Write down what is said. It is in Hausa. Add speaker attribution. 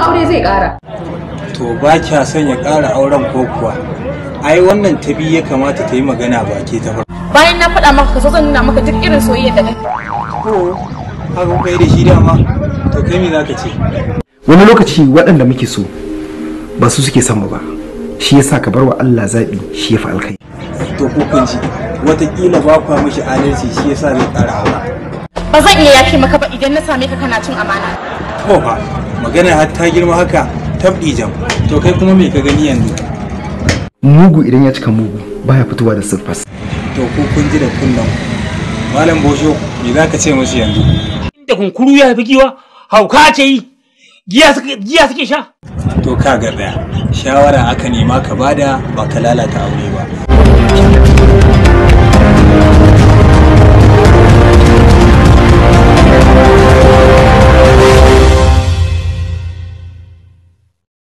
Speaker 1: aure zai ƙara.
Speaker 2: To ba kya son ya ƙara auren ko kuwa? Ai wannan ta biyu ya kamata ta yi magana ba ke ta farko.
Speaker 1: Bayan na faɗa maka kaso zan nuna maka duk irin soyayya da kai.
Speaker 2: Ko abin kai da shi dama to kai me zaka ce? Wani
Speaker 3: lokaci waɗanda muke so ba su suke son mu ba. Shi yasa ka bar wa Allah zaɓi
Speaker 4: shi ya fi alkai. To ko kun ji watakila ba kwa mishi adalci shi yasa zai ƙara aura.
Speaker 5: Ba zan iya yafe maka ba idan na same ka kana cin amana.
Speaker 4: Ko ba. magana
Speaker 6: har ta girma haka tabdi jam to kai kuma me ka gani yanzu
Speaker 3: mugu idan ya cika mugu baya fitowa da surfas to ko kun ji da kullum malam bosho me za ka ce musu yanzu
Speaker 7: inda kunkuru ya fi giwa hauka ce yi giya suke sha
Speaker 8: to ka ga shawara aka nema ka bada ba ka lalata aure ba